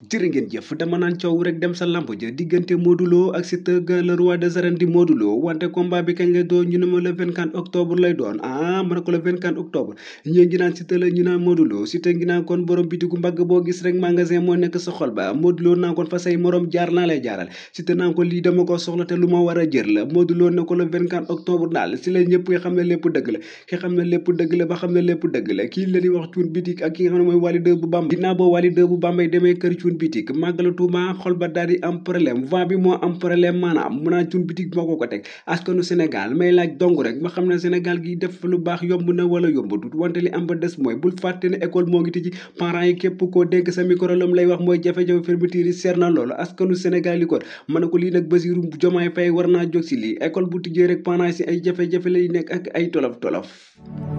jërë ngeen jëf dama naan coow rek dem sa lamb ja diggante Modou ak Siteu le roi des arènes di Modou wante combat bi kañ lay doon ñu ne ma le lay doon ah ma ne ko la ñu ba Modou Lo naan kon fa say morom jaar naa lay jaaral Siteu naan ko lii dama ko soxla te lu ma war a jër la Modou Lo ne ko le 24 octobre daal si la ñëpp xam ne lépp dëgg la ki xam ne lépp dëgg la ba xam ne lépp dëgg la kii la di wax cuun bitik ak ki xam ne mooy Wally 2 bu Bambey ginnaaw boo Wally 2 bu Bambey demee kër cun bitik màggalu Tuuba xol ba daal di am problème vent bi moo am problème maanaam mu naan cun bitik moo ko ko teg askanu Sénégal may laaj dong rek ma xam ne Sénégal gi def lu baax yomb na wala yombutut wante li am ba des mooy bul fàtte ne école moo ngi tijji parents yi képp koo dégg sa micro lam lay wax mooy jafe-jafe fermeture yi seer na loolu askanu Sénégal li ko mën na ko lii nag Basiru Jomaay Fay war naa jóg si lii école bu tijjee rek parents si ay jafe-jafe lay nekk ak ay tolof tolof